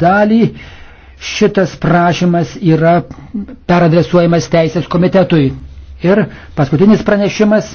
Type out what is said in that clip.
dalį šitas prašymas yra peradresuojamas teisės komitetui. Ir paskutinis pranešimas